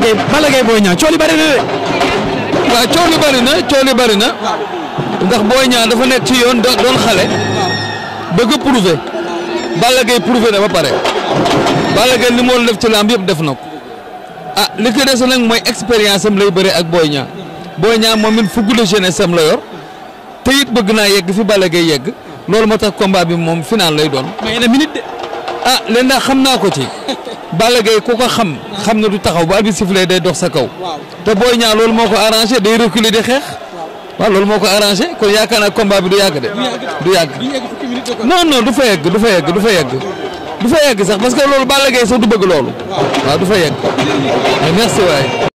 Balla Gaye Balla Gaye Boy Niang na de. waaw coow li bëri na coow li na. ndax booy Niang dafa nekk ci yoon doon xale. bëgg prouvé. Balla Gaye na ba pare. Balla Gaye li mu def ci lamb yëpp def na ko. ah li ko des nag mooy expérience am lay bëre ak booy Niang. Boy ñaa moom it fukki de jeunesse am la yor. it bëgg naa yegg fi Balla Gaye yegg. loolu moo tax combat bi moom final lay doon. mais yéen minute de. ah léegi nag xam naa ko ci. Balla Gaye ku ko xam xam na du taxaw bu arbitre day dox sa kaw te Boy Niang loolu moo ko arrangé day reculer di xeex waaw loolu moo ko arrangé kon yaakaar naa combat bi du yàgg de du yàgg non non du fa yegg du fa yegg du fa yegg du fa yegg sax parce que loolu Balla Gaye sax du bëgg loolu waaw du fa yegg merci waay